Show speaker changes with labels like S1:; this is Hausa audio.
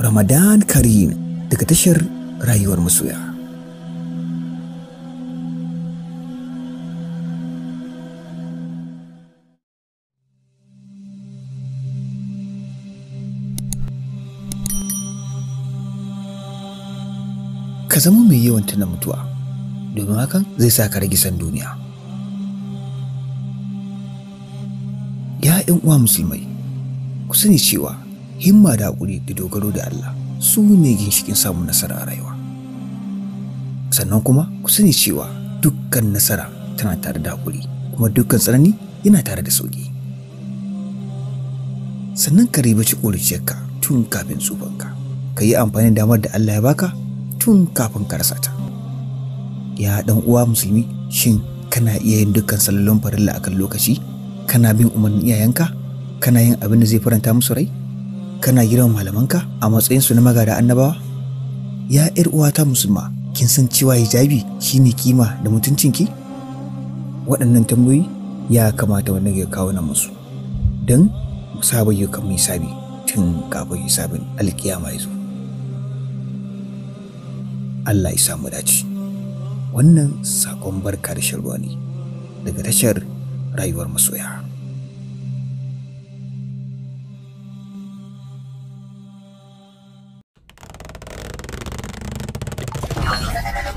S1: Ramadan Karim daga tashar rayuwar masoya.
S2: Ka zama mai yawan tuna mutuwa, domin hakan zai sa ka rage san duniya. Ya uwa musulmai, ku sani cewa himma da haƙuri da dogaro da Allah su ne ginshikin samun nasara a rayuwa sannan kuma ku sani cewa dukkan nasara tana tare da haƙuri kuma dukkan tsanani yana tare da sauƙi sannan ka ribaci ƙuriciyarka tun kafin tsufanka ka yi amfani da damar da Allah ya baka tun kafin ka rasa ta ya ɗan uwa musulmi shin kana iya yin dukkan sallolin farilla akan lokaci kana bin umarnin iyayenka kana yin abin da zai faranta musu rai kana malaman malamanka a matsayinsu na magada annabawa ya yar uwata musulma kin san cewa hijabi shine kima da mutuncinki waɗannan tambayoyi ya kamata wannan ya kawo na musu don mu ya yi kan hisabi tun kafin hisabin alkiyama ya zo Allah ya samu dace wannan sakon barka da ruwa ne daga tashar rayuwar
S1: masoya. Altyazı